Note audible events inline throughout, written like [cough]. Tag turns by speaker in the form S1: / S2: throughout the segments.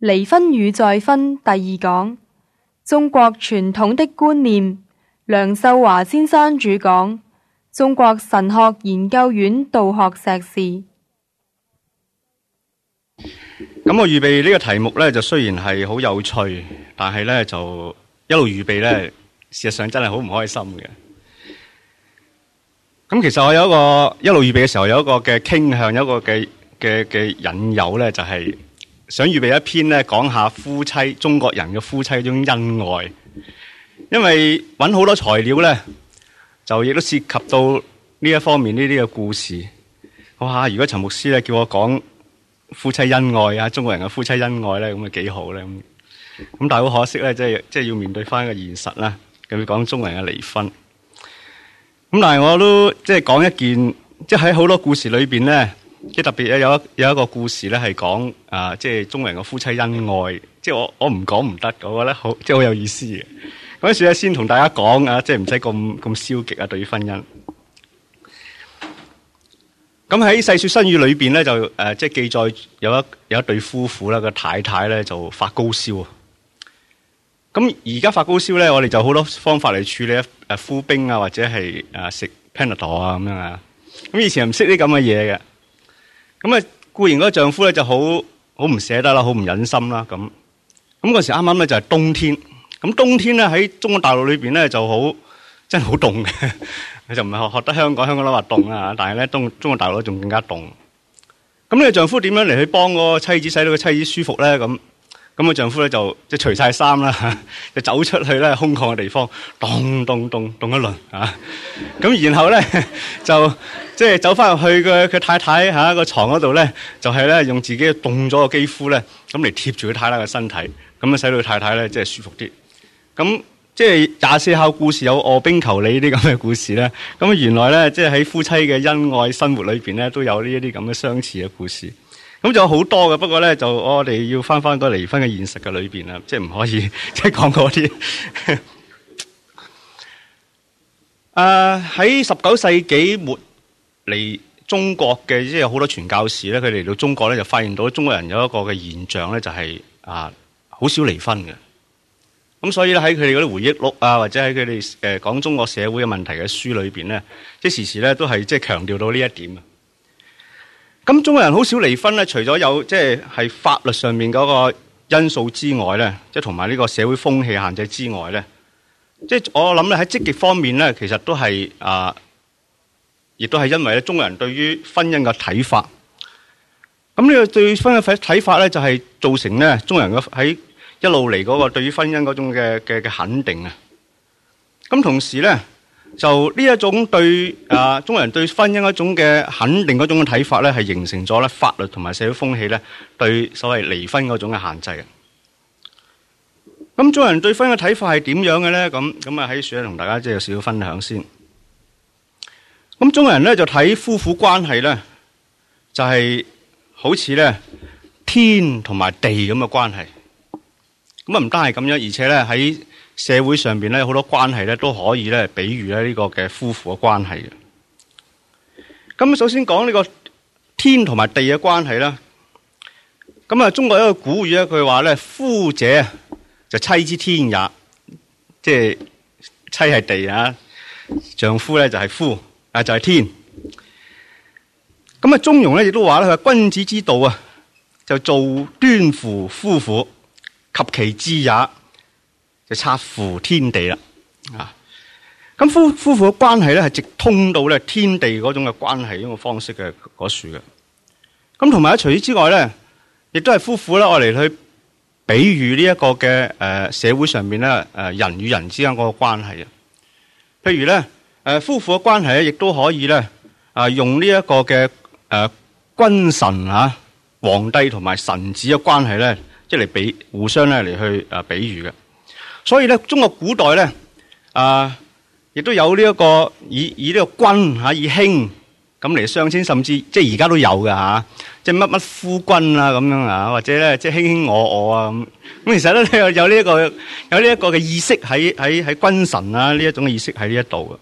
S1: 離婚與再婚第二講，中國傳統的觀念。梁壽華先生主講，中國神學研究院道學碩士。咁我預備呢個題目呢，就雖然係好有趣，但係呢就一路預備呢，事實上真係好唔開心嘅。咁其實我有一個一路預備嘅時候，有一個嘅傾向，有一個嘅嘅嘅引誘呢，就係、是。想預備一篇咧，講下夫妻中國人嘅夫妻嗰種恩愛，因為揾好多材料咧，就亦都涉及到呢一方面呢啲嘅故事。哇！如果陳牧師咧，叫我講夫妻恩愛啊，中國人嘅夫妻恩愛咧，咁啊幾好咧。咁但係好可惜咧，即係即係要面對翻一個現實啦，咁要講中國人嘅離婚。咁但係我都即係講一件，即係喺好多故事裏邊咧。即係特別咧，有一有一個故事咧，係講啊，即係中國人個夫妻恩愛。即係我我唔講唔得，我覺得好即係好有意思嘅。咁所以咧，先同大家講啊，即係唔使咁咁消極啊，對於婚姻。咁喺《世說新語》裏邊咧，就誒即係記載有一有一對夫婦啦，個太太咧就發高燒。咁而家發高燒咧，我哋就好多方法嚟處理啊，敷冰啊，或者係啊食 panadol 啊咁樣啊。咁以前唔識啲咁嘅嘢嘅。咁啊，固然嗰個丈夫咧就好好唔捨得啦，好唔忍心啦，咁咁嗰時啱啱咧就係冬天，咁冬天咧喺中國大陸裏面咧就好真係好凍嘅，就唔係學得香港，香港都話凍啊，但係咧中中國大陸仲更加凍。咁呢個丈夫點樣嚟去幫個妻子使到個妻子舒服咧？咁咁個丈夫咧就即係除晒衫啦，就走出去咧空曠嘅地方，凍凍凍凍一輪啊！咁然後咧就。即係走翻入去嘅，佢太太吓個床嗰度咧，就係咧用自己凍咗個肌膚咧，咁嚟貼住佢太太嘅身體，咁啊使到太太咧即係舒服啲。咁即係廿四孝故事有臥冰求鯉呢啲咁嘅故事咧。咁原來咧即係喺夫妻嘅恩愛生活裏邊咧，都有呢一啲咁嘅相似嘅故事。咁就有好多嘅，不過咧就我哋要翻翻個離婚嘅現實嘅裏邊啦，即係唔可以即係講嗰啲。誒、 [laughs] 呃，喺十九世紀末。嚟中國嘅即係好多傳教士咧，佢嚟到中國咧就發現到中國人有一個嘅現象咧、就是，就係啊好少離婚嘅。咁所以咧喺佢哋嗰啲回憶錄啊，或者喺佢哋誒講中國社會嘅問題嘅書裏邊咧，即係時時咧都係即係強調到呢一點。咁中國人好少離婚咧，除咗有即係係法律上面嗰個因素之外咧，即係同埋呢個社會風氣限制之外咧，即係我諗咧喺積極方面咧，其實都係啊。亦都係因為咧，中國人對於婚姻嘅睇法，咁呢個對婚姻嘅睇法咧，就係造成咧中國人嘅喺一路嚟嗰個對於婚姻嗰種嘅嘅嘅肯定啊。咁同時咧，就呢一種對啊中國人對婚姻一種嘅肯定嗰種嘅睇法咧，係形成咗咧法律同埋社會風氣咧對所謂離婚嗰種嘅限制啊。咁中國人對婚姻嘅睇法係點樣嘅咧？咁咁啊喺處同大家即係有少少分享先。咁中國人咧就睇夫婦關係咧，就係、就是、好似咧天同埋地咁嘅關係。咁啊唔單係咁樣，而且咧喺社會上邊咧好多關係咧都可以咧比喻咧呢個嘅夫婦嘅關係嘅。咁首先講、這個、呢個天同埋地嘅關係啦。咁啊，中國一個古語一句話咧，夫者就妻之天也，即係妻係地啊，丈夫咧就係、是、夫。啊！就係天，咁啊，中庸咧亦都話咧，君子之道啊，就造端乎夫婦，及其之也，就察乎天地啦。啊，咁夫夫婦嘅關係咧，係直通到咧天地嗰種嘅關係呢個方式嘅嗰樹嘅。咁同埋喺除此之外咧，亦都係夫婦啦，我嚟去比喻呢一個嘅誒社會上面咧誒人與人之間嗰個關係啊，譬如咧。誒夫婦嘅關係咧，亦都可以咧啊，用呢一個嘅誒君臣啊，皇帝同埋臣子嘅關係咧，即係嚟比互相咧嚟去誒比喻嘅。所以咧，中國古代咧啊，亦、這個、都有呢一個以以呢個君嚇以卿咁嚟相稱，甚至即係而家都有嘅嚇，即係乜乜夫君啊咁樣啊，或者咧即係卿卿我我啊咁。咁其實咧、這個，有呢一個有呢一個嘅意識喺喺喺君臣啊呢一種意識喺呢一度嘅。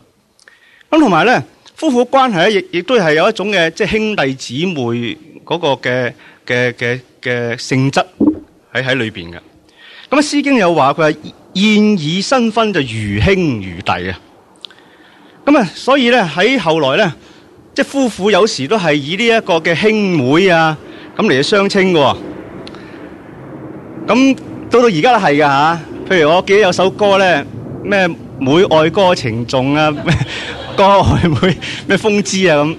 S1: 咁同埋咧，夫婦關係咧，亦亦都係有一種嘅即係兄弟姊妹嗰個嘅嘅嘅嘅性質喺喺裏面嘅。咁啊，《詩經》又有話佢話，燕爾新婚就如兄如弟啊。咁啊，所以咧喺後來咧，即係夫婦有時都係以呢一個嘅兄妹啊咁嚟相稱喎。咁到到而家都係㗎。吓，譬如我記得有首歌咧，咩妹愛哥情重啊。歌會唔會咩風姿啊咁？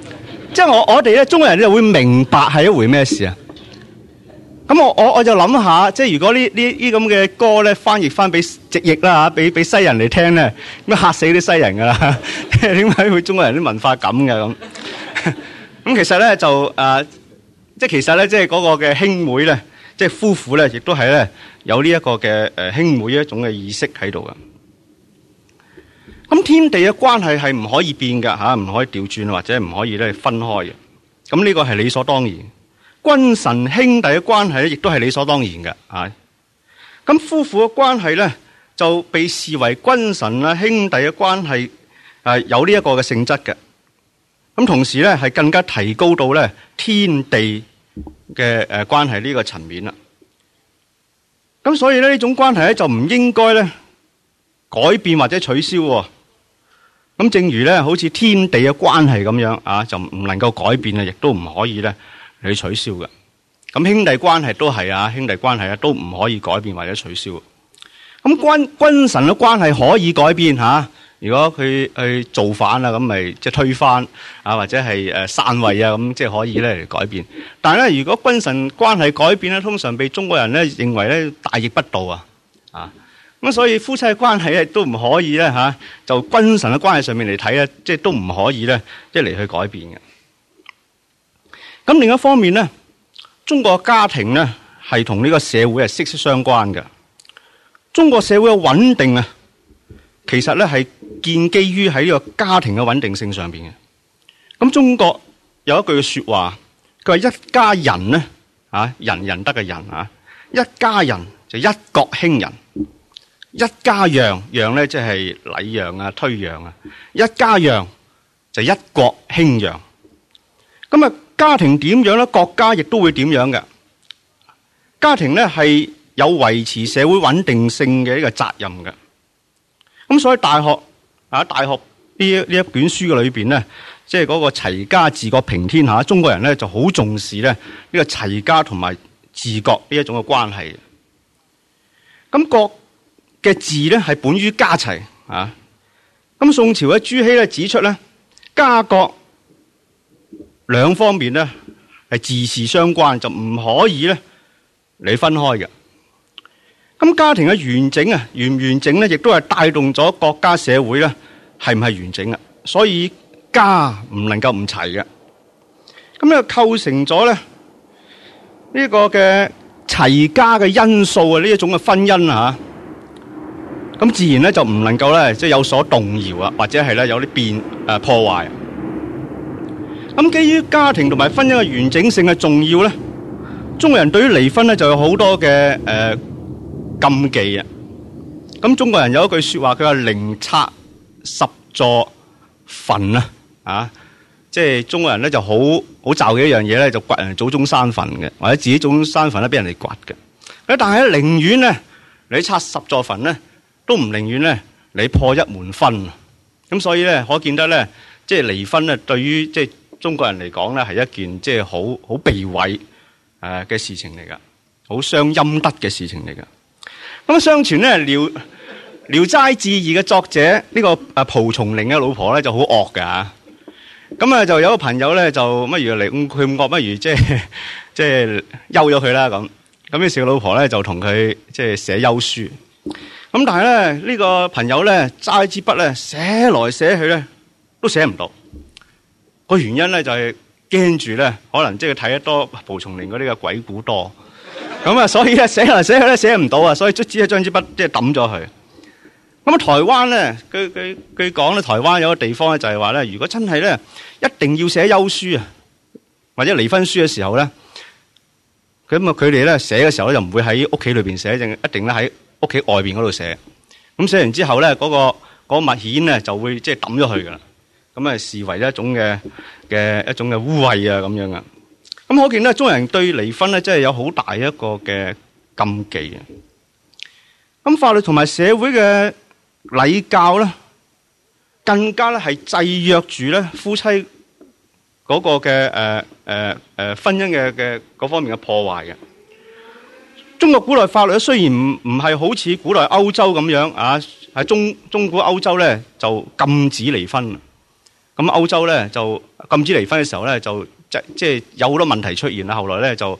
S1: 即係我我哋咧，中國人咧會明白係一回咩事啊？咁我我我就諗下，即係如果呢呢啲咁嘅歌咧翻譯翻俾直譯啦吓，俾、啊、俾西人嚟聽咧，咁嚇死啲西人噶啦！點解會中國人啲文化咁嘅咁？咁其實咧就誒、啊，即係其實咧即係嗰個嘅兄妹咧，即係夫婦咧，亦都係咧有呢一個嘅誒、啊、兄妹一種嘅意識喺度噶。咁天地嘅關係係唔可以變噶吓，唔可以調轉或者唔可以咧分開嘅。咁呢個係理所當然。君臣兄弟嘅關係咧，亦都係理所當然嘅。吓，咁夫婦嘅關係咧，就被視為君臣啊兄弟嘅關係，有呢一個嘅性質嘅。咁同時咧，係更加提高到咧天地嘅誒關係呢個層面啦。咁所以咧呢種關係咧就唔應該咧改變或者取消。咁正如咧，好似天地嘅關係咁樣，啊，就唔能夠改變啊，亦都唔可以咧去取消嘅。咁兄弟關係都係啊，兄弟關係啊，都唔可以改變或者取消。咁君君臣嘅關係可以改變嚇，如果佢去造反啦，咁咪即係推翻啊，或者係誒散位啊，咁即係可以咧嚟改變。但係咧，如果君臣關係改變咧，通常被中國人咧認為咧大逆不道啊，啊！咁所以夫妻嘅關係咧都唔可以咧吓，就君臣嘅關係上面嚟睇咧，即係都唔可以咧，即係嚟去改變嘅。咁另一方面咧，中國嘅家庭咧係同呢個社會係息息相關嘅。中國社會嘅穩定啊，其實咧係建基於喺呢個家庭嘅穩定性上邊嘅。咁中國有一句說話，佢話一家人呢，啊，人人得嘅人啊，一家人就一國興人。一家讓，讓咧即係禮讓啊、推讓啊。一家讓就一國興讓。咁啊，家庭點樣咧？國家亦都會點樣嘅。家庭咧係有維持社會穩定性嘅一個責任嘅。咁所以大學啊，大學呢一呢一卷書嘅裏邊咧，即係嗰個齊家治國平天下，中國人咧就好重視咧呢個齊家同埋治國呢一種嘅關係。咁國。嘅字咧，係本於家齊啊！咁宋朝嘅朱熹咧指出咧，家國兩方面咧係自事相關，就唔可以咧你分開嘅。咁家庭嘅完整啊，完唔完整咧，亦都係帶動咗國家社會咧係唔係完整啊？所以家唔能夠唔齊嘅。咁呢個構成咗咧呢個嘅齊家嘅因素啊，呢一種嘅婚姻啊。咁自然咧就唔能夠咧，即係有所動搖啊，或者係咧有啲變誒破壞。咁基於家庭同埋婚姻嘅完整性嘅重要咧，中國人對於離婚咧就有好多嘅誒禁忌啊。咁中國人有一句說話，佢話寧拆十座墳啊，啊！即係中國人咧就好好罩嘅一樣嘢咧，就掘人祖宗山墳嘅，或者自己祖宗山墳咧，俾人哋掘嘅。咁但係咧，寧願咧你拆十座墳咧。都唔寧願咧，你破一門婚，咁所以咧，可見得咧，即係離婚咧，對於即係中國人嚟講咧，係一件即係好好避諱誒嘅事情嚟噶，好傷陰德嘅事情嚟噶。咁相傳咧，《聊聊齋志異》嘅作者呢、呢個啊蒲松齡嘅老婆咧就好惡嘅。咁啊就有個朋友咧就乜如嚟，咁佢咁惡，乜如即係即係休咗佢啦咁。咁於是個老婆咧就同佢即係寫休書。咁但係咧呢個朋友咧揸支筆咧寫來寫去咧都寫唔到個原因咧就係驚住咧可能即係睇得多蒲松齡嗰啲嘅鬼故多咁啊所以咧寫嚟寫去咧寫唔到啊所以卒之咧將支筆即係抌咗佢咁啊台灣咧據據據講咧台灣有個地方咧就係話咧如果真係咧一定要寫休書啊或者離婚書嘅時候咧咁啊佢哋咧寫嘅時候咧就唔會喺屋企裏邊寫定一定咧喺。屋企外邊嗰度寫，咁寫完之後咧，嗰個嗰物件咧就會即係抌咗佢噶啦，咁啊視為一種嘅嘅一種嘅污穢啊咁樣啊，咁可見咧，中國人對離婚咧，即係有好大一個嘅禁忌嘅，咁法律同埋社會嘅禮教咧，更加咧係制約住咧夫妻嗰個嘅誒誒誒婚姻嘅嘅嗰方面嘅破壞嘅。中國古代法律咧，雖然唔唔係好似古代歐洲咁樣啊，喺中中古歐洲咧就禁止離婚。咁歐洲咧就禁止離婚嘅時候咧，就即即係有好多問題出現啦。後來咧就誒、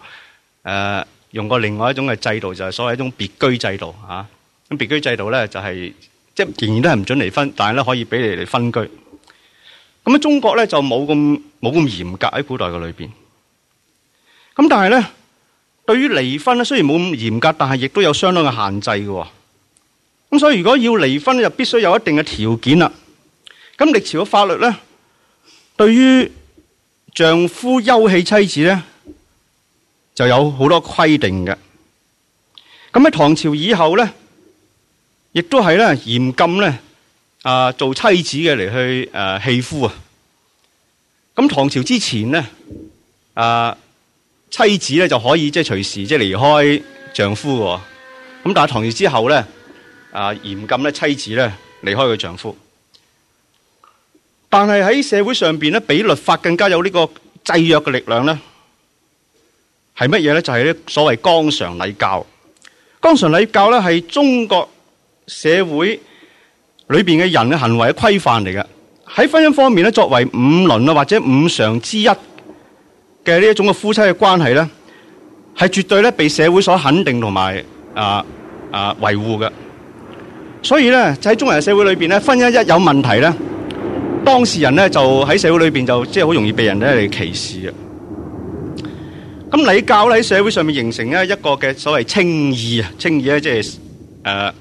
S1: 呃、用過另外一種嘅制度，就係、是、所謂一種別居制度啊。咁別居制度咧就係、是、即、就是、仍然都係唔准離婚，但係咧可以俾你哋分居。咁啊，中國咧就冇咁冇咁嚴格喺古代嘅裏邊。咁但係咧。對於離婚咧，雖然冇咁嚴格，但係亦都有相當嘅限制嘅。咁所以如果要離婚咧，就必須有一定嘅條件啦。咁歷朝嘅法律咧，對於丈夫休棄妻子咧，就有好多規定嘅。咁喺唐朝以後咧，亦都係咧嚴禁咧啊做妻子嘅嚟，去誒棄夫啊。咁唐朝之前咧啊。呃妻子咧就可以即係隨時即係離開丈夫，咁但係同時之後咧，啊嚴禁咧妻子咧離開佢丈夫。但係喺社會上邊咧，比律法更加有呢個制約嘅力量咧，係乜嘢咧？就係、是、咧所謂綱常禮教。綱常禮教咧係中國社會裏邊嘅人嘅行為嘅規範嚟嘅。喺婚姻方面咧，作為五倫啊或者五常之一。嘅呢一種嘅夫妻嘅關係咧，係絕對咧被社會所肯定同埋啊啊維護嘅。所以咧，就喺中人社會裏邊咧，婚姻一,一有問題咧，當事人咧就喺社會裏邊就即係好容易被人咧嚟歧視啊。咁禮教喺社會上面形成一個嘅所謂清議啊，清議咧即係誒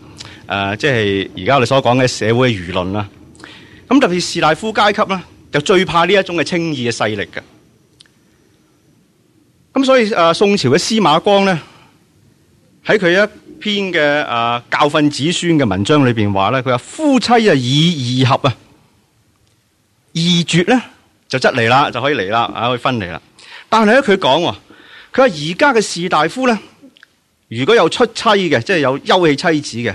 S1: 誒，即係而家我哋所講嘅社會嘅輿論啦。咁特別士大夫階級咧，就最怕呢一種嘅清議嘅勢力嘅。咁所以啊，宋朝嘅司馬光咧，喺佢一篇嘅啊教訓子孫嘅文章裏邊話咧，佢話夫妻啊，以義合啊，義絕咧就則離啦，就可以離啦，啊可以分離啦。但係咧，佢講，佢話而家嘅士大夫咧，如果有出妻嘅，即係有休棄妻子嘅，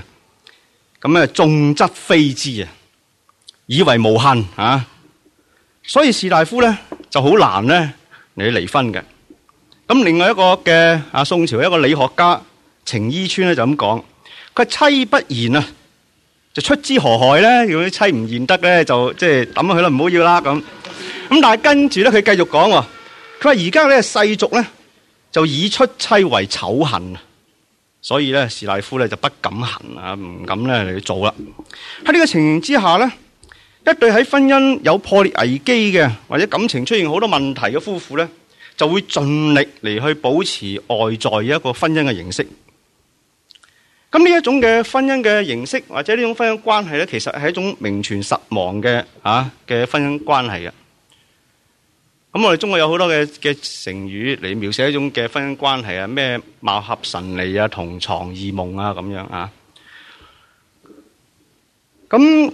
S1: 咁咧重則非之啊，以為無限啊。所以士大夫咧就好難咧嚟離婚嘅。咁另外一個嘅宋朝一個理學家程伊川咧就咁講，佢妻不賢啊，就出之何害咧？如果啲妻唔賢得咧，就即係抌咗佢啦，唔好要啦咁。咁 [laughs] 但係跟住咧，佢繼續講喎，佢話而家咧世俗咧就以出妻為醜行啊，所以咧士大夫咧就不敢行啊，唔敢咧嚟去做啦。喺呢個情形之下咧，一對喺婚姻有破裂危機嘅或者感情出現好多問題嘅夫婦咧。就會盡力嚟去保持外在嘅一個婚姻嘅形式。咁呢一種嘅婚姻嘅形式，或者呢種婚姻關係咧，其實係一種名存實亡嘅啊嘅婚姻關係啊。咁我哋中國有好多嘅嘅成語嚟描述一種嘅婚姻關係啊，咩貌合神離啊、同牀異夢啊咁樣啊。咁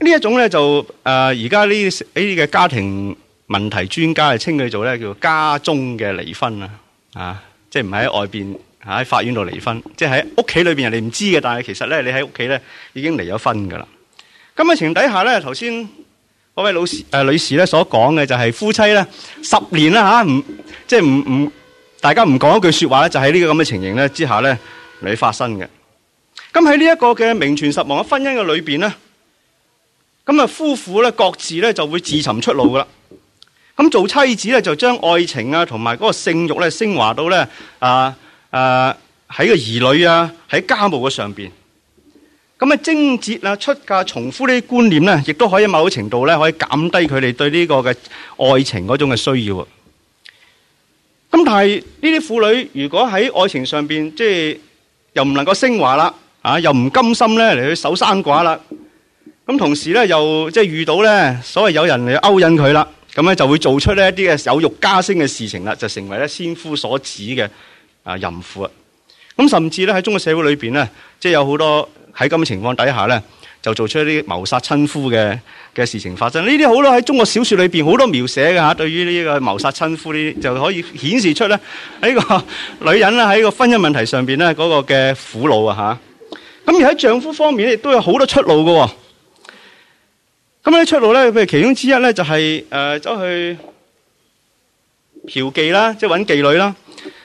S1: 呢一種咧就誒而家呢呢啲嘅家庭。問題專家就稱佢做咧，叫家中嘅離婚啊、呃，啊，即係唔喺外邊，喺法院度離婚，即係喺屋企裏邊，人哋唔知嘅，但係其實咧，你喺屋企咧已經離咗婚噶啦。咁嘅情底下咧，頭先嗰位老師誒女士咧所講嘅就係夫妻咧十年啦吓，唔即係唔唔，大家唔講一句說話咧，就喺呢個咁嘅情形咧之下咧嚟發生嘅。咁喺呢一個嘅名存實亡嘅婚姻嘅裏邊咧，咁啊夫婦咧各自咧就會自尋出路噶啦。咁做妻子咧，就將愛情啊，同埋嗰個性欲咧，升華到咧啊啊喺個兒女啊，喺家務嘅上邊。咁啊貞節啊出嫁啊從夫呢啲觀念咧，亦都可以某程度咧，可以減低佢哋對呢個嘅愛情嗰種嘅需要。咁但係呢啲婦女如果喺愛情上邊，即係又唔能夠升華啦，啊又唔甘心咧嚟去守生寡啦。咁同時咧又即係遇到咧所謂有人嚟勾引佢啦。咁咧就會做出呢一啲嘅有辱家聲嘅事情啦，就成為咧先夫所指嘅啊淫婦啊。咁甚至咧喺中國社會裏面咧，即係有好多喺咁嘅情況底下咧，就做出一啲謀殺親夫嘅嘅事情發生。呢啲好多喺中國小說裏面，好多描寫㗎。嚇，對於呢個謀殺親夫呢啲就可以顯示出咧喺、呢個女人咧喺個婚姻問題上面咧嗰個嘅苦惱啊嚇。咁而喺丈夫方面亦都有好多出路㗎喎。咁啲出路咧，譬如其中之一咧，就係誒，走去嫖妓啦，即係揾妓女啦。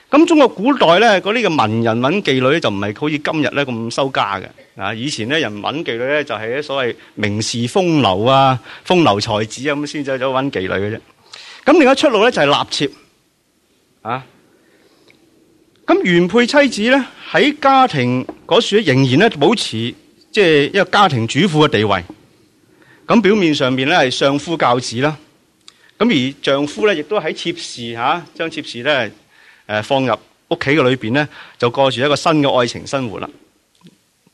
S1: 咁中國古代咧，嗰啲嘅文人揾妓女就唔係好似今日咧咁收家嘅。啊，以前咧人揾妓女咧，就係啲所謂名士風流啊，風流才子啊咁先走咗揾妓女嘅啫。咁另一出路咧就係納妾啊。咁原配妻子咧喺家庭嗰處仍然咧保持即係一個家庭主婦嘅地位。咁表面上面咧係相夫教子啦，咁而丈夫咧亦都喺妾侍吓將妾侍咧誒放入屋企嘅裏面咧，就過住一個新嘅愛情生活啦。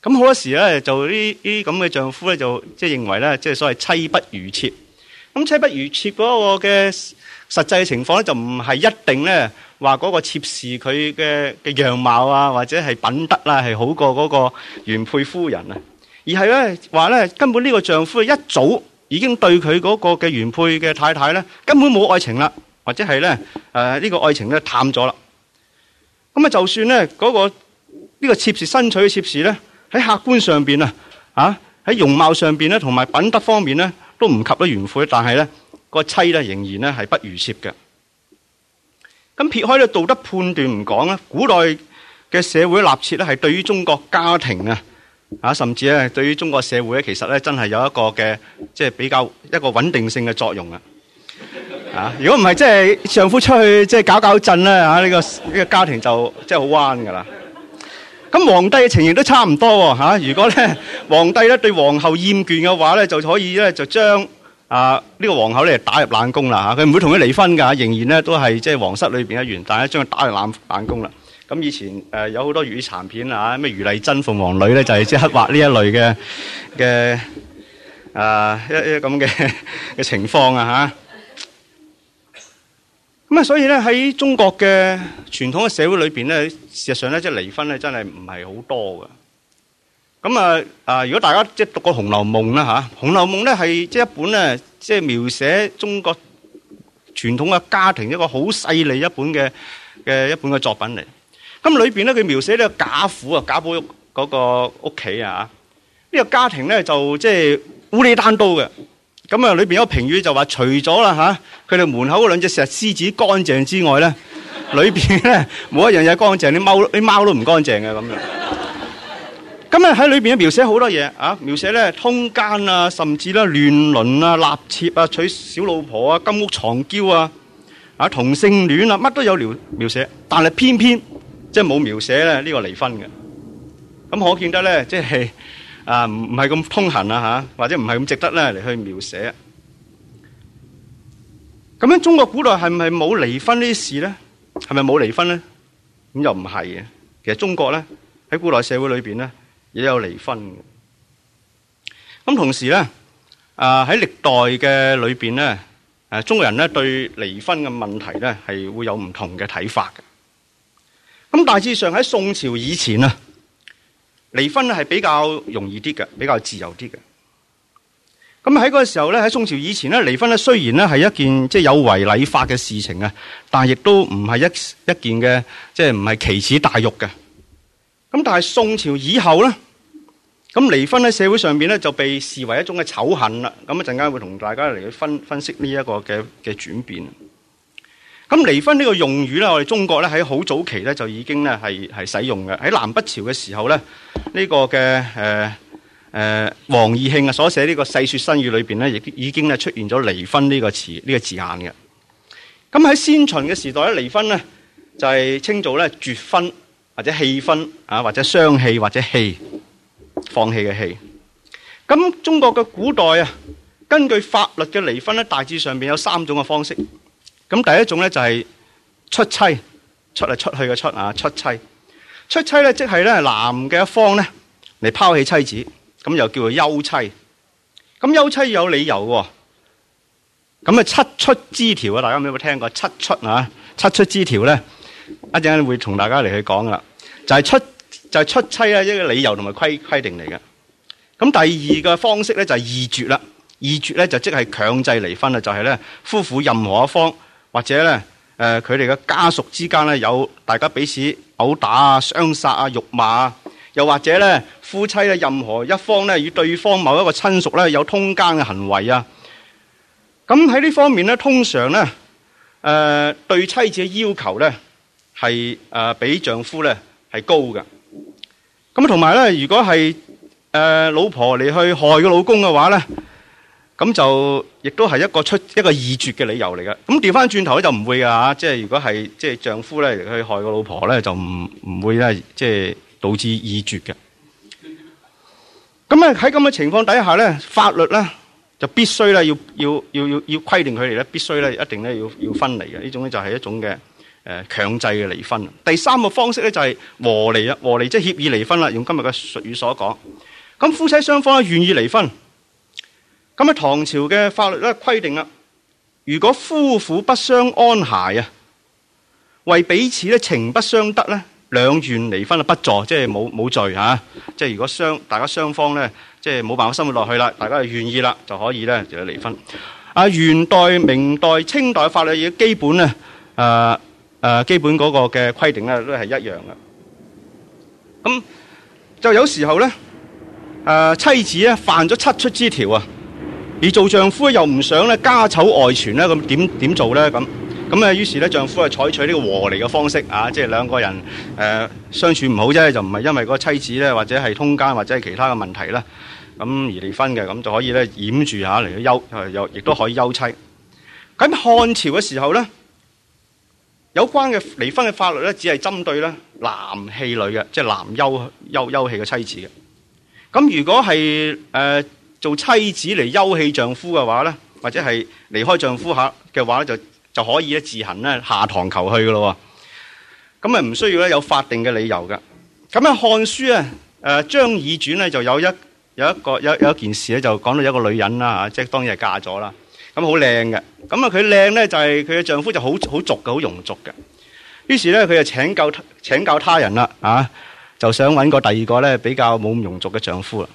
S1: 咁好多時咧就呢呢咁嘅丈夫咧就即係認為咧即係所謂妻不如妾。咁妻不如妾嗰個嘅實際情況咧就唔係一定咧話嗰個妾侍佢嘅嘅樣貌啊或者係品德啦係好過嗰個原配夫人啊。而係咧話咧，根本呢個丈夫一早已經對佢嗰個嘅原配嘅太太咧，根本冇愛情啦，或者係咧，誒呢個愛情咧淡咗啦。咁啊，就算咧、那、嗰個呢、呢個妾侍，新娶嘅妾侍咧，喺客觀上邊啊，啊喺容貌上邊咧，同埋品德方面咧，都唔及得原配，但係咧、嗰個妻咧仍然咧係不如妾嘅。咁撇開咧道德判斷唔講咧，古代嘅社會立設咧係對於中國家庭啊。啊，甚至咧，對於中國社會咧，其實咧，真係有一個嘅，即係比較一個穩定性嘅作用啊！搞搞這個、啊，如果唔係，即係丈夫出去即係搞搞震啦，吓呢個呢個家庭就即係好彎噶啦。咁皇帝嘅情形都差唔多喎，吓如果咧皇帝咧對皇后厭倦嘅話咧，就可以咧就將啊呢個皇后咧打入冷宮啦，吓佢唔會同佢離婚噶，仍然咧都係即係皇室裏邊一員，但係將佢打入冷冷宮啦。咁以前有好多粵語殘片余王啊，咩《余麗珍鳳凰女》咧，就係即刻畫呢一類嘅嘅啊一一咁嘅嘅情況啊吓咁啊，所以咧喺中國嘅傳統嘅社會裏面，咧，事實上咧，即係離婚咧，真係唔係好多嘅咁啊啊，如果大家即係讀過《紅樓夢》啦吓，啊，《紅樓夢》咧係即一本咧，即係描寫中國傳統嘅家庭一個好細膩一本嘅嘅一本嘅作品嚟。咁裏邊咧，佢描寫咧賈府個啊，賈寶玉嗰個屋企啊，呢個家庭咧就即係烏里單刀嘅。咁啊，裏邊有個評語就話：除咗啦吓，佢哋門口嗰兩隻石獅子乾淨之外咧， [laughs] 裏邊咧冇一樣嘢乾淨，啲貓啲貓都唔乾淨嘅咁樣。咁啊喺裏邊描寫好多嘢啊，描寫咧通奸啊，甚至咧亂倫啊、納妾啊、娶小老婆啊、金屋藏嬌啊，啊同性戀啊，乜都有描描寫，但係偏偏。即係冇描寫咧，呢個離婚嘅，咁可見得咧，即係啊，唔唔係咁通行啊吓，或者唔係咁值得咧嚟去描寫。咁樣中國古代係唔係冇離婚呢啲事咧？係咪冇離婚咧？咁又唔係嘅。其實中國咧喺古代社會裏邊咧，也有離婚嘅。咁同時咧，啊喺歷代嘅裏邊咧，誒中國人咧對離婚嘅問題咧係會有唔同嘅睇法嘅。咁大致上喺宋朝以前啊，離婚咧係比較容易啲嘅，比較自由啲嘅。咁喺嗰個時候咧，喺宋朝以前咧，離婚咧雖然咧係一件即係有違禮法嘅事情啊，但係亦都唔係一一件嘅，即係唔係奇恥大辱嘅。咁但係宋朝以後咧，咁離婚喺社會上邊咧就被視為一種嘅醜恨啦。咁一陣間會同大家嚟去分分析呢一個嘅嘅轉變。咁離婚呢個用語咧，我哋中國咧喺好早期咧就已經咧係係使用嘅。喺南北朝嘅時候咧，呢、這個嘅誒誒王義慶啊所寫呢、這個《世說》新語裏邊咧，亦已經咧出現咗離婚呢個詞呢、這個字眼嘅。咁喺先秦嘅時代咧，離婚咧就係稱做咧絕婚或者棄婚啊，或者相棄或者棄放棄嘅棄。咁中國嘅古代啊，根據法律嘅離婚咧，大致上邊有三種嘅方式。咁第一種咧就係出妻，出啊出去嘅出啊出妻，出妻咧即係咧男嘅一方咧嚟拋棄妻子，咁又叫做休妻。咁休妻有理由嘅，咁啊七出之條啊，大家有冇有聽過？七出啊，七出之條咧，一陣間會同大家嚟去講噶啦，就係出就係出妻啊，一個理由同埋規規定嚟嘅。咁第二個方式咧就係義絕啦，義絕咧就即係強制離婚啦，就係咧夫婦任何一方。或者咧，誒佢哋嘅家屬之間咧有大家彼此毆打啊、相殺啊、辱罵啊，又或者咧夫妻咧任何一方咧與對方某一個親屬咧有通奸嘅行為啊，咁喺呢方面咧通常咧，誒對妻子嘅要求咧係誒比丈夫咧係高嘅，咁同埋咧，如果係誒老婆嚟去害個老公嘅話咧。咁就亦都係一個出一個義絕嘅理由嚟嘅。咁調翻轉頭咧就唔會噶即係如果係即係丈夫咧去害個老婆咧，就唔唔會咧即係導致義絕嘅。咁啊喺咁嘅情況底下咧，法律咧就必須咧要要要要要規定佢哋咧必須咧一定咧要要分離嘅。呢種咧就係一種嘅誒、呃、強制嘅離婚。第三個方式咧就係、是、和離啦，和離即係協議離婚啦。用今日嘅術語所講，咁夫妻雙方咧願意離婚。咁喺唐朝嘅法律咧規定啦，如果夫婦不相安諧啊，為彼此咧情不相得咧，兩願離婚啊不助，即係冇冇罪嚇。即係如果雙大家雙方咧，即係冇辦法生活落去啦，大家願意啦就可以咧就離婚。啊，元代、明代、清代法律嘅基本呢，誒、呃、基本嗰個嘅規定咧都係一樣嘅。咁就有時候咧，誒、呃、妻子犯咗七出之條啊。而做丈夫又唔想咧家醜外傳咧，咁點點做呢？咁咁咧，於是咧，丈夫係採取呢個和離嘅方式啊，即係兩個人誒相處唔好啫，就唔係因為個妻子咧或者係通姦或者係其他嘅問題啦，咁而離婚嘅，咁就可以咧掩住下嚟到休，又亦都可以休妻。咁漢朝嘅時候呢，有關嘅離婚嘅法律呢，只係針對咧男棄女嘅，即係男休休休棄嘅妻子嘅。咁如果係誒，呃做妻子嚟休棄丈夫嘅話咧，或者係離開丈夫吓嘅話咧，就就可以咧自行咧下堂求去噶咯。咁啊，唔需要咧有法定嘅理由噶。咁啊，《漢書》啊，誒，《張儀傳》咧就有一有一個有有一件事咧，就講到有一個女人啦吓、啊，即係當然係嫁咗啦。咁好靚嘅，咁啊、就是，佢靚咧就係佢嘅丈夫就好好俗嘅，好庸俗嘅。於是咧，佢就請教請教他人啦，啊，就想揾個第二個咧比較冇咁庸俗嘅丈夫啦。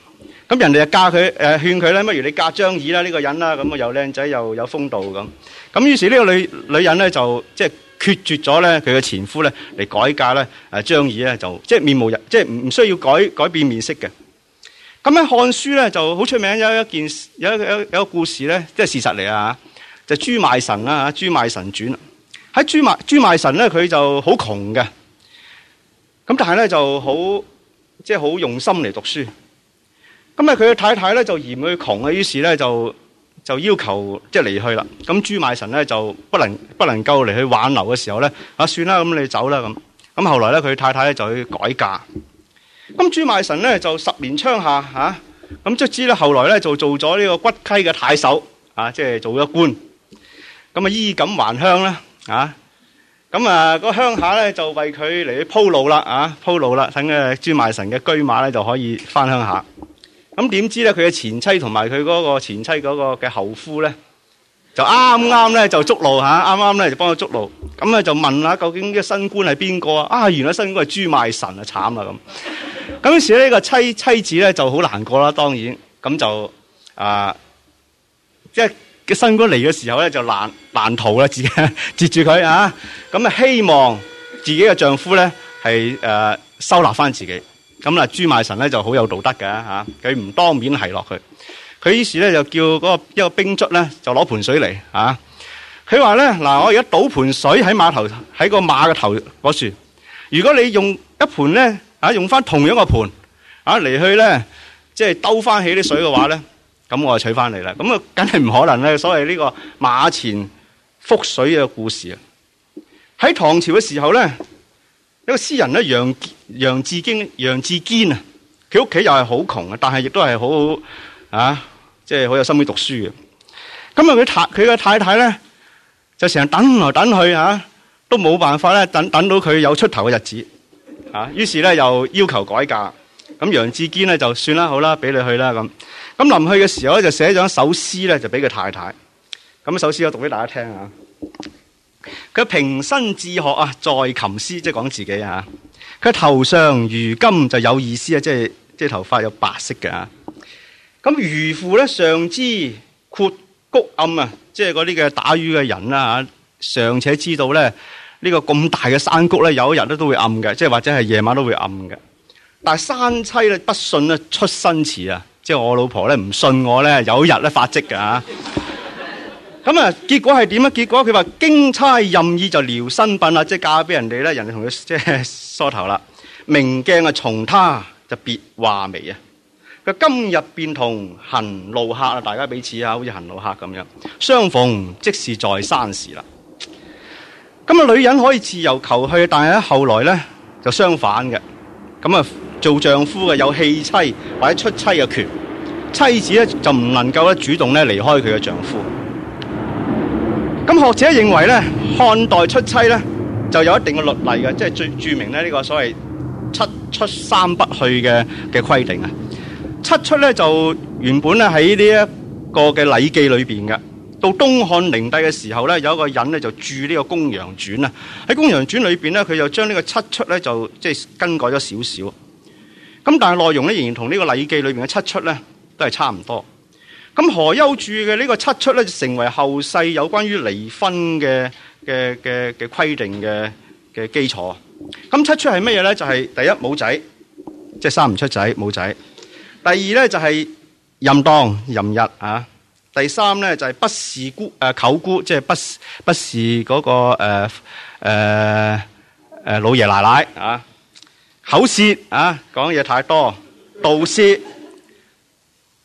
S1: 咁人哋就嫁佢，誒勸佢咧，不如你嫁張耳啦，呢、這個人啦，咁啊又靚仔又有風度咁。咁於是呢個女女人咧就即係、就是、決絕咗咧，佢嘅前夫咧嚟改嫁咧誒張耳咧，就即、是、係面無人，即係唔唔需要改改變面色嘅。咁喺《漢書》咧就好出有名有一件，有一件有一有有個故事咧，即、就、係、是、事實嚟啊，就朱、是、買臣啊，《嚇，《朱買臣傳》喺朱買朱買臣咧，佢就好窮嘅。咁但係咧就好即係好用心嚟讀書。咁啊！佢太太咧就嫌佢窮啊，於是咧就就要求即係離去啦。咁朱買臣咧就不能不能夠嚟去挽留嘅時候咧，啊算啦，咁你走啦咁。咁後來咧，佢太太咧就去改嫁。咁朱買臣咧就十年槍下吓咁卒之呢，咧、啊。後來咧就做咗呢個骨溪嘅太守，啊，即係做咗官。咁啊，衣錦還鄉啦，咁啊、個鄉下咧就為佢嚟去鋪路啦，啊鋪路啦，等嘅朱買臣嘅居馬咧就可以翻鄉下。咁點知咧？佢嘅前妻同埋佢嗰個前妻嗰個嘅後夫咧，就啱啱咧就捉路嚇，啱啱咧就幫佢捉路。咁咧就問下究竟嘅新官係邊個啊？啊，原來新官係朱買臣啊，慘啊咁。咁時呢咧個妻妻子咧就好難過啦，當然咁就啊，即係嘅新官嚟嘅時候咧就難難逃啦，自己截住佢啊。咁啊希望自己嘅丈夫咧係、啊、收納翻自己。咁啦，朱買臣咧就好有道德嘅吓，佢唔當面係落去，佢於是咧就叫嗰個一個冰卒咧，就攞盆水嚟吓。佢話咧嗱，我而家倒盆水喺馬頭喺個馬嘅頭嗰處。如果你用一盆咧啊，用翻同樣個盆啊嚟去咧，即係兜翻起啲水嘅話咧，咁我就取翻嚟啦。咁啊，梗係唔可能咧。所謂呢個馬前覆水嘅故事啊，喺唐朝嘅時候咧。一個詩人咧，楊楊志堅，楊志堅啊，佢屋企又係好窮，但係亦都係好啊，即係好有心機讀書嘅。咁啊，佢太佢嘅太太咧，就成日等嚟等去，都冇辦法咧，等等到佢有出頭嘅日子啊。於是咧，又要求改嫁。咁楊志堅咧，就算啦，好啦，俾你去啦咁。咁臨去嘅時候咧，就寫咗一首詩咧，就俾佢太太。咁首詩我讀俾大家聽啊。佢平生自學啊，在琴師，即係講自己啊。佢頭上如今就有意思啊，即係即係頭髮有白色嘅啊。咁漁父咧尚知闊谷暗啊，即係嗰啲嘅打魚嘅人啊，尚且知道咧呢、這個咁大嘅山谷咧，有一日咧都會暗嘅，即係或者係夜晚都會暗嘅。但係山妻咧不信咧出身詞啊，即係我老婆咧唔信我咧有一日咧發跡嘅啊。咁啊，結果係點啊？結果佢話經差任意就撩身笨啦，即係嫁俾人哋咧，人哋同佢即係梳頭啦。明鏡啊，從他就別話眉啊。佢今日便同行路客啊，大家彼此啊，好似行路客咁樣相逢，即是在山時啦。咁啊，女人可以自由求去，但係喺後來咧就相反嘅。咁啊，做丈夫嘅有棄妻或者出妻嘅權，妻子咧就唔能夠咧主動咧離開佢嘅丈夫。咁學者認為咧，漢代出妻咧就有一定嘅律例嘅，即係最著名咧呢個所謂「七出三不去」嘅嘅規定啊。七出咧就原本咧喺呢一個嘅禮記裏面嘅，到東漢靈帝嘅時候咧，有一個人呢就注呢個《公羊傳》啊，喺《公羊傳》裏面咧，佢就將呢個七出咧就即係、就是、更改咗少少。咁但係內容咧仍然同呢個禮記裏面嘅七出咧都係差唔多。咁何休注嘅呢個七出咧，就成為後世有關於離婚嘅嘅嘅嘅規定嘅嘅基礎。咁七出係乜嘢咧？就係、是、第一冇仔，即、就、係、是、生唔出仔冇仔；第二咧就係淫蕩淫逸；啊；第三咧就係、是、不事姑誒舅姑，即係不不事嗰、那個誒誒誒老爺奶奶啊；口舌啊講嘢太多；盜竊，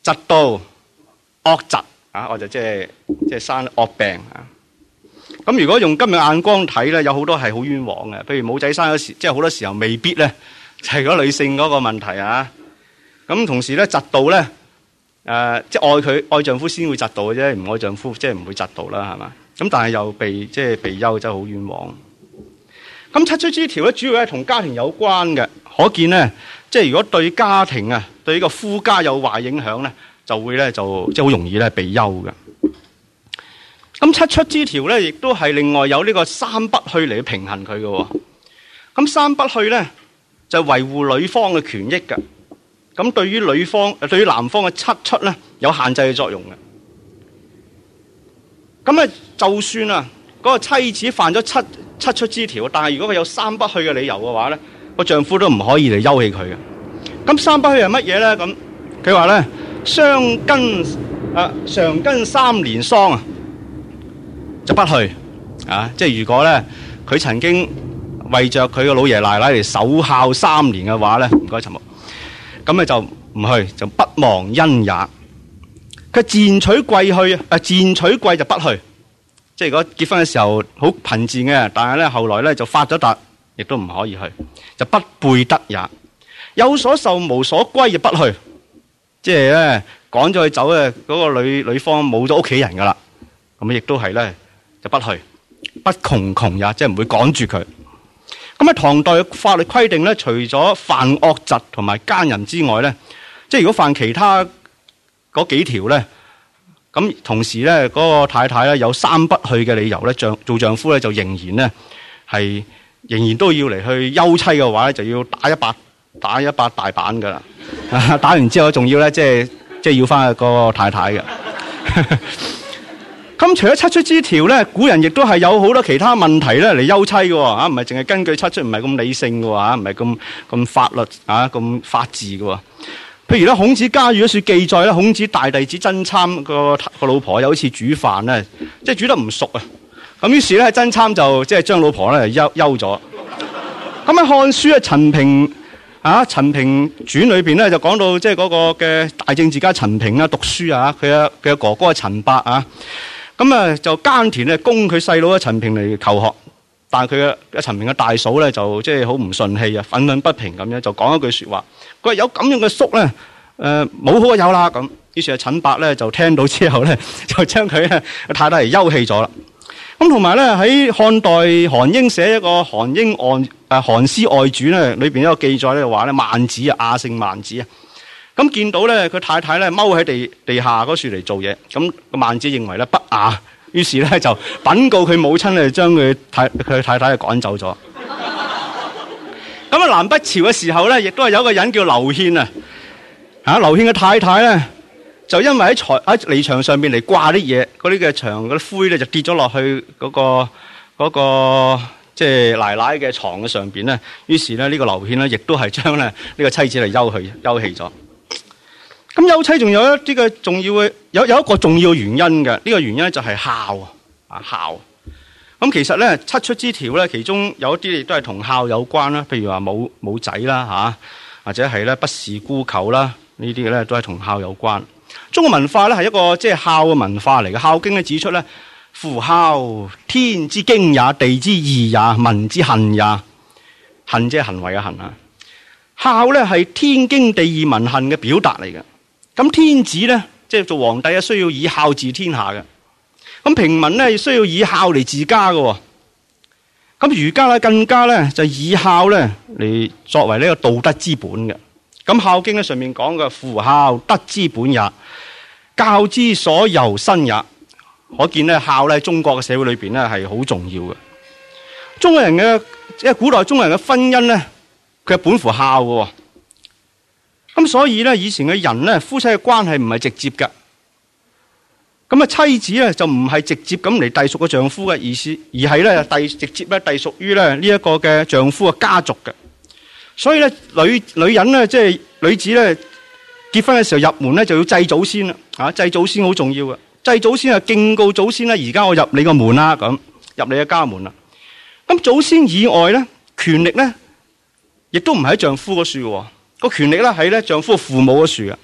S1: 嫉妒。惡疾啊，我就即係即係生惡病啊。咁如果用今日眼光睇咧，有好多係好冤枉嘅。譬如冇仔生嗰時，即係好多時候未必咧，就係個女性嗰個問題啊。咁同時咧，嫉妒咧，誒，即係愛佢愛丈夫先會嫉妒嘅啫，唔愛丈夫即係唔會嫉妒啦，係嘛。咁但係又被即係被休，真係好冤枉。咁七出之條咧，主要咧同家庭有關嘅，可見咧，即係如果對家庭啊，對呢個夫家有壞影響咧。就會咧，就即係好容易咧被休嘅。咁七出之條咧，亦都係另外有呢個三不去嚟平衡佢嘅哦。咁三不去咧就係維護女方嘅權益嘅。咁對於女方，對於男方嘅七出咧，有限制嘅作用嘅。咁啊，就算啊，嗰個妻子犯咗七七出之條，但係如果佢有三不去嘅理由嘅話咧，個丈夫都唔可以嚟休棄佢嘅。咁三不去係乜嘢咧？咁佢話咧。相跟啊，常跟三年喪啊，就不去啊！即係如果咧，佢曾經為着佢個老爺奶奶嚟守孝三年嘅話咧，唔該沉默。咁咧就唔去，就不忘恩也。佢賤取貴去啊，賤取貴就不去。即係如果結婚嘅時候好貧賤嘅，但係咧後來咧就發咗達，亦都唔可以去，就不背得也。有所受，無所歸，就不去。即係咧，趕咗去走咧，嗰個女女方冇咗屋企人噶啦，咁亦都係咧就不去，不窮窮也，即係唔會趕住佢。咁喺唐代嘅法律規定咧，除咗犯惡疾同埋奸人之外咧，即係如果犯其他嗰幾條咧，咁同時咧，嗰個太太咧有三不去嘅理由咧，丈做丈夫咧就仍然咧係仍然都要嚟去休妻嘅話咧，就要打一百打一百大板噶啦。打完之後仲要咧，即係即係要翻個太太嘅。咁 [laughs] 除咗七出之條咧，古人亦都係有好多其他問題咧嚟休妻嘅吓，哦，唔係淨係根據七出，唔係咁理性嘅喎，啊，唔係咁咁法律啊咁法治嘅，啊。譬如咧，孔子家語一處記載咧，孔子大弟子曾參個個老婆有一次煮飯咧，即係煮得唔熟啊。咁於是咧，曾參就即係將老婆咧休休咗。咁喺《漢書》啊，陳平。啊，陳裡面呢《陳平傳》裏面咧就講到即係嗰個嘅大政治家陳平啊，讀書啊，佢啊嘅哥哥係陳伯啊，咁啊就耕田咧供佢細佬啊陳平嚟求學，但係佢嘅陳平嘅大嫂咧就即係好唔順氣啊，憤憤不平咁樣就講一句說話，佢話有咁樣嘅叔咧，誒、呃、冇好有啦咁，於是啊陳伯咧就聽到之後咧就將佢呢，太太嚟休棄咗啦。咁同埋咧，喺漢代韓英寫一個韓《韓英案（誒韓詩外傳》咧，裏邊一個記載咧，話咧孟子啊，亞聖孟子啊，咁見到咧佢太太咧踎喺地地下嗰樹嚟做嘢，咁孟子認為咧不雅，於是咧就禀告佢母親咧，將佢太佢太太趕走咗。咁啊，南北朝嘅時候咧，亦都係有個人叫劉獻啊，嚇劉獻嘅太太咧。就因為喺床喺離牆上邊嚟掛啲嘢，嗰啲嘅牆嗰啲灰咧就跌咗落去嗰個嗰個即係奶奶嘅床嘅上邊。咧。於是咧呢、呢個劉片呢，亦都係將咧呢個妻子嚟休去休棄咗。咁休妻仲有一啲嘅重要嘅有有一個重要原因嘅，呢、呢個原因就係孝啊孝。咁、啊、其實咧七出之條咧，其中有一啲亦都係同孝有關啦。譬如話冇冇仔啦嚇，或者係咧不事姑舅啦，呢啲咧都係同孝有關。中國文化咧係一個即係孝嘅文化嚟嘅，《孝經》咧指出咧，夫孝，天之經也，地之義也，民之行也。行即係行為嘅行。啊。孝咧係天經地義、民行嘅表達嚟嘅。咁天子咧即係做皇帝啊，需要以孝治天下嘅。咁平民咧需要以孝嚟治家嘅。咁儒家啦，更加咧就以孝咧嚟作為呢個道德之本嘅。咁《孝經》咧上面講嘅父孝，德之本也；教之所由生也。可見咧孝咧喺中國嘅社會裏面咧係好重要嘅。中國人嘅即係古代中國人嘅婚姻咧，佢係本乎孝嘅。咁所以咧以前嘅人咧，夫妻嘅關係唔係直接嘅。咁啊，妻子咧就唔係直接咁嚟隸屬個丈夫嘅意思，而係咧隸直接咧隸屬於咧呢一個嘅丈夫嘅家族嘅。所以咧，女女人咧，即係女子咧，結婚嘅時候入門咧就要祭祖先啦。啊，祭祖先好重要嘅，祭祖先係敬告祖先咧。而家我入你個門啦，咁入你嘅家門啦。咁祖先以外咧，權力咧，亦都唔喺丈夫個樹，個權力咧喺咧丈夫父母個樹啊。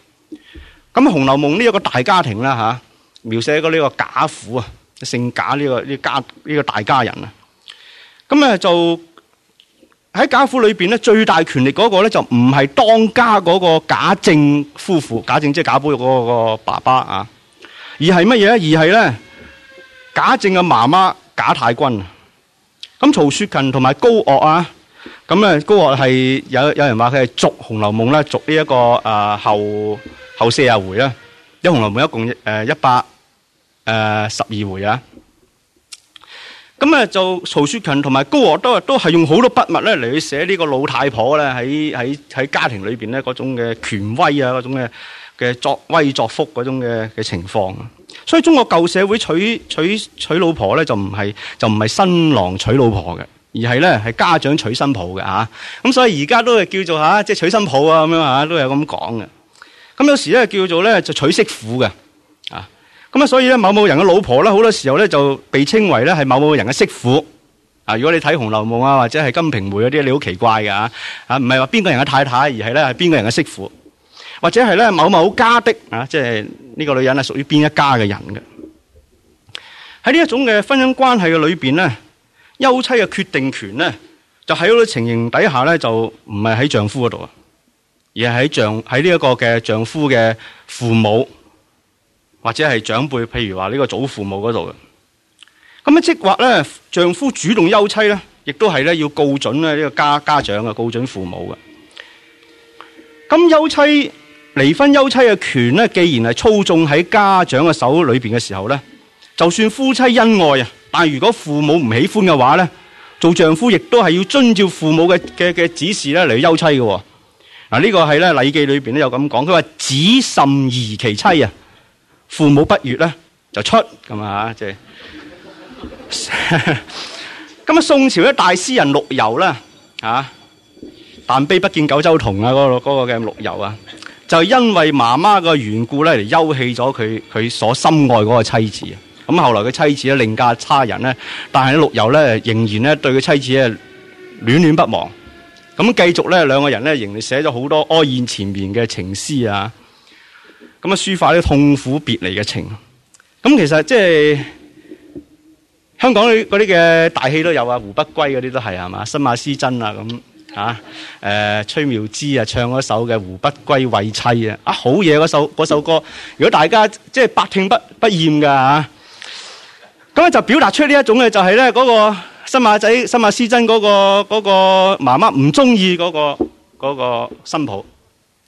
S1: 咁《紅樓夢》呢一個大家庭啦，吓描寫個呢個賈府啊，姓賈呢個呢、這個這個、家呢、這個大家人啊。咁咧就。喺賈府裏邊咧，最大權力嗰個咧就唔係當家嗰個賈政夫婦，賈政即係賈寶玉嗰個爸爸啊，而係乜嘢咧？而係咧賈政嘅媽媽賈太君。咁曹雪芹同埋高鶚啊，咁咧高鶚係有有人話佢係續紅樓夢續、這個呃《紅樓夢》咧，續呢一個誒後後四十回啊啦。因為《紅樓夢》一共誒一百誒、呃、十二回啊。咁啊，就曹雪芹同埋高鶚都都係用好多筆墨咧嚟，去寫呢個老太婆咧喺喺喺家庭裏邊咧嗰種嘅權威啊，嗰種嘅嘅作威作福，嗰種嘅嘅情況。所以中國舊社會娶娶娶老婆咧，就唔係就唔係新郎娶老婆嘅，而係咧係家長娶新抱嘅啊。咁所以而家都係叫做啊，即係娶新抱啊咁樣啊，都有咁講嘅。咁有時咧叫做咧就娶媳婦嘅啊。咁啊，所以咧，某某人嘅老婆咧，好多時候咧就被稱為咧係某某人嘅媳婦。啊，如果你睇《紅樓夢》啊，或者係《金瓶梅》嗰啲，你好奇怪㗎。啊，唔係話邊個人嘅太太，而係咧係邊個人嘅媳婦，或者係咧某某家的啊，即係呢個女人係屬於邊一家嘅人嘅。喺呢一種嘅婚姻關係嘅裏邊咧，休妻嘅決定權咧，就喺嗰個情形底下咧，就唔係喺丈夫嗰度啊，而係喺丈喺呢一個嘅丈夫嘅父母。或者係長輩，譬如話呢個祖父母嗰度嘅。咁啊，即或咧，丈夫主動休妻咧，亦都係咧要告准咧呢個家家長嘅告准父母嘅。咁休妻離婚休妻嘅權咧，既然係操縱喺家長嘅手裏邊嘅時候咧，就算夫妻恩愛啊，但係如果父母唔喜歡嘅話咧，做丈夫亦都係要遵照父母嘅嘅嘅指示咧嚟休妻嘅。嗱，呢個係咧《禮記》裏邊咧有咁講，佢話子慎而其妻啊。父母不悅咧，就出咁啊！即、就、係、是，咁啊，宋朝嘅大詩人陸游啦，啊，但悲不見九州同啊！嗰、那個嗰個嘅陸游啊，就是、因為媽媽嘅緣故咧，嚟休棄咗佢佢所深愛嗰個妻子。咁、啊、後來佢妻子咧另嫁他人咧，但係陸游咧仍然咧對佢妻子咧戀戀不忘。咁、啊、繼續咧，兩個人咧仍然寫咗好多哀怨纏綿嘅情詩啊！咁啊，抒發啲痛苦別離嘅情。咁其實即係香港嗰啲嘅大戲都有啊，北《胡不歸》嗰啲都係啊嘛？新馬師曾啊，咁啊，誒崔妙芝啊，唱嗰首嘅《胡不歸》為妻啊，啊好嘢嗰首嗰、啊、首，首歌，如果大家即係百聽不不厭噶嚇。咁、啊、就表達出呢一種嘅就係咧嗰個新馬仔、新馬師曾嗰、嗰個嗰、嗰個媽媽唔中意嗰個嗰、嗰個新抱，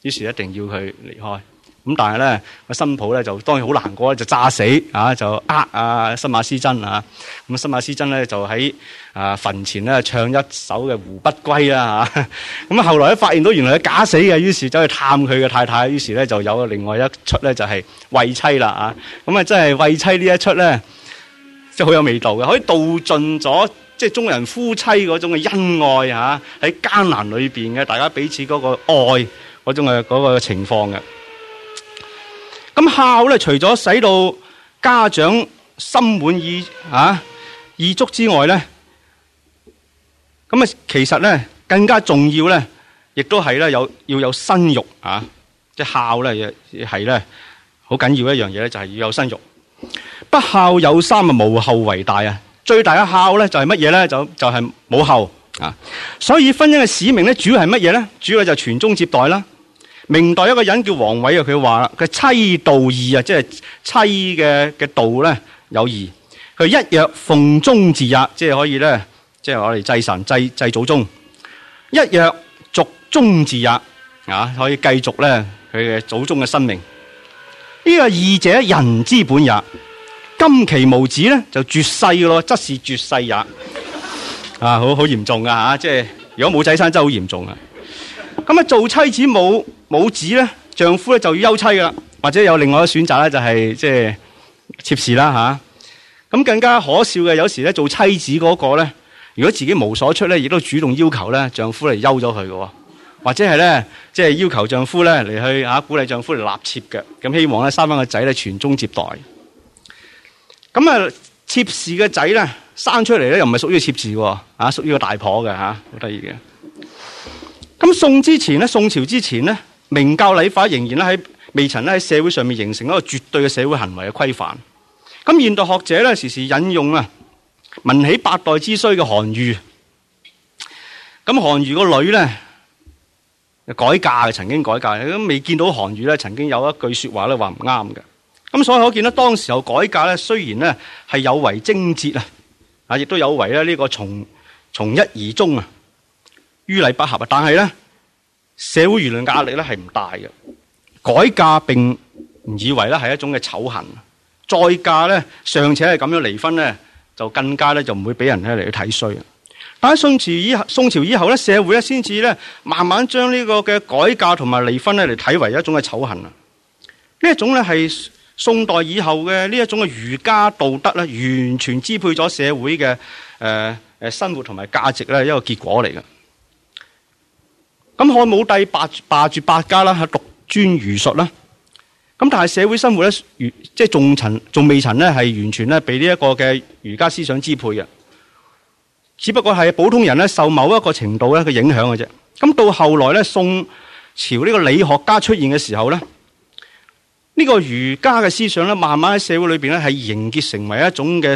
S1: 於是一定要佢離開。咁但係咧，個新抱咧就當然好難過，就炸死啊！就呃啊，新馬師曾。啊！咁新馬師曾咧就喺啊墳前咧唱一首嘅《胡不歸》啦嚇。咁啊，後來咧發現到原來係假死嘅，於是走去探佢嘅太太，於是咧就有另外一出咧就係、是《慰妻》啦啊！咁、嗯、啊，真係《慰妻》呢一出咧，即係好有味道嘅，可以道盡咗即係中人夫妻嗰種嘅恩愛嚇，喺、啊、艱難裏面，嘅大家彼此嗰個愛嗰種嗰、那個情況嘅。咁孝咧，除咗使到家長心滿意啊、意足之外咧，咁啊，其實咧更加重要咧，亦都係咧有要有生育啊，即係孝咧，亦係咧好緊要一樣嘢咧，就係要有生育。不孝有三，啊無後為大啊！最大嘅孝咧就係乜嘢咧？就係、呢就係冇、就係、後啊！所以婚姻嘅使命咧，主要係乜嘢咧？主要就係傳宗接代啦。明代一個人叫王偉啊，佢話啦，佢妻道義啊，即係妻嘅嘅道咧有義。佢一曰奉宗字也，即係可以咧，即係攞嚟祭神祭祭祖宗。一曰續宗字也啊，可以繼續咧佢嘅祖宗嘅生命。呢、這個義者人之本也。今其無子咧，就絕世咯，則是絕世也。 [laughs] 啊，好好嚴重噶吓、啊，即係如果冇仔生真係好嚴重啊。咁啊，做妻子冇。母子咧，丈夫咧就要休妻噶，或者有另外嘅選擇咧，就係即係妾侍啦吓。咁、啊、更加可笑嘅，有時咧做妻子嗰個咧，如果自己無所出咧，亦都主動要求咧丈夫嚟休咗佢嘅，或者係咧即係要求丈夫咧嚟去啊鼓勵丈夫嚟納妾嘅，咁、啊、希望咧生翻個仔咧傳宗接代。咁啊妾侍嘅仔咧生出嚟咧又唔係屬於妾侍喎，啊屬於個大婆嘅吓，好得意嘅。咁宋之前咧，宋朝之前咧。明教禮法仍然咧喺未曾咧喺社會上面形成一個絕對嘅社會行為嘅規範。咁現代學者咧時時引用啊，文起八代之衰嘅韓愈。咁韓愈個女咧改嫁嘅，曾經改嫁。咁未見到韓愈咧，曾經有一句説話咧話唔啱嘅。咁所以可見到當時候改嫁咧雖然咧係有違貞節啊，啊亦都有違咧呢個從從一而終啊，於禮不合啊，但係咧。社會輿論壓力咧係唔大嘅，改嫁並唔以為咧係一種嘅醜行，再嫁咧尚且係咁樣離婚咧，就更加咧就唔會俾人咧嚟睇衰。但係宋朝以宋朝以後咧，社會咧先至咧慢慢將呢個嘅改嫁同埋離婚咧嚟睇為一種嘅醜行啊！呢一種咧係宋代以後嘅呢一種嘅儒家道德咧，完全支配咗社會嘅誒誒生活同埋價值咧一個結果嚟嘅。咁漢武帝罷罷黜百家啦，係獨尊儒術啦。咁但係社會生活咧，即係仲曾仲未曾咧係完全咧被呢一個嘅儒家思想支配嘅。只不過係普通人咧受某一個程度咧嘅影響嘅啫。咁到後來咧，宋朝呢個理學家出現嘅時候咧，呢、這個儒家嘅思想咧，慢慢喺社會裏面咧係凝結成為一種嘅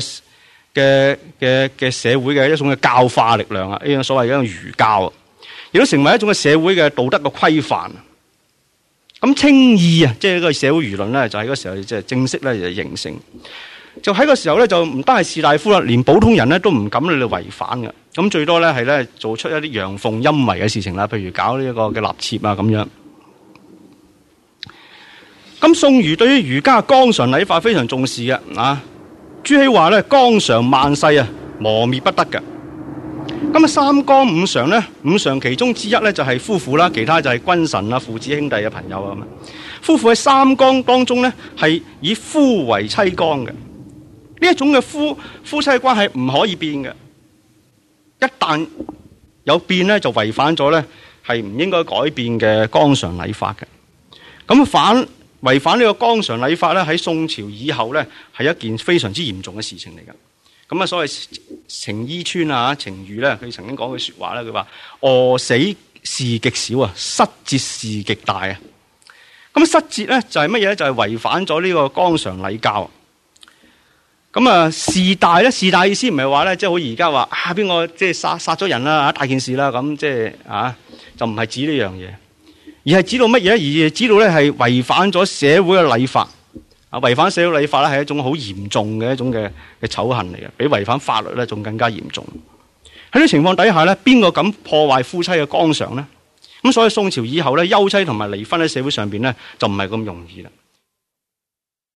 S1: 嘅嘅嘅社會嘅一種嘅教化力量啊！呢種所謂嘅儒教啊。亦都成為一種嘅社會嘅道德嘅規範，咁清議啊，即係呢個社會輿論咧，就喺嗰時候即係正式咧就形成，就喺個時候咧就唔單係士大夫啦，連普通人咧都唔敢去違反嘅，咁最多咧係咧做出一啲陽奉陰違嘅事情啦，譬如搞呢一個嘅立妾啊咁樣。咁宋儒對於儒家綱常禮法非常重視嘅啊，朱熹話咧，綱常萬世啊，磨滅不得嘅。咁啊，三綱五常咧，五常其中之一咧就係夫婦啦，其他就係君臣啊、父子兄弟嘅朋友啊咁，夫婦喺三綱當中咧，係以夫為妻綱嘅。呢一種嘅夫夫妻關係唔可以變嘅。一旦有變咧，就違反咗咧，係唔應該改變嘅綱常禮法嘅。咁反違反呢個綱常禮法咧，喺宋朝以後咧，係一件非常之嚴重嘅事情嚟噶。咁啊，所謂程伊川啊，程頤呢，佢曾經講句說話咧，佢話餓死事極少啊，失節事極大啊。咁失節咧就係乜嘢咧？就係違反咗呢個綱常禮教。咁啊，事大咧？事大意思唔係話咧，即係好似而家話啊，邊個即係殺殺咗人啦？大件事啦，咁即係啊，就唔係指呢樣嘢，而係指到乜嘢呢？而係指到咧係違反咗社會嘅禮法。違反社會禮法咧，係一種好嚴重嘅一種嘅嘅醜行嚟嘅，比違反法律咧仲更加嚴重。喺呢情況底下咧，邊個敢破壞夫妻嘅綱常咧？咁所以宋朝以後咧，休妻同埋離婚喺社會上邊咧，就唔係咁容易啦。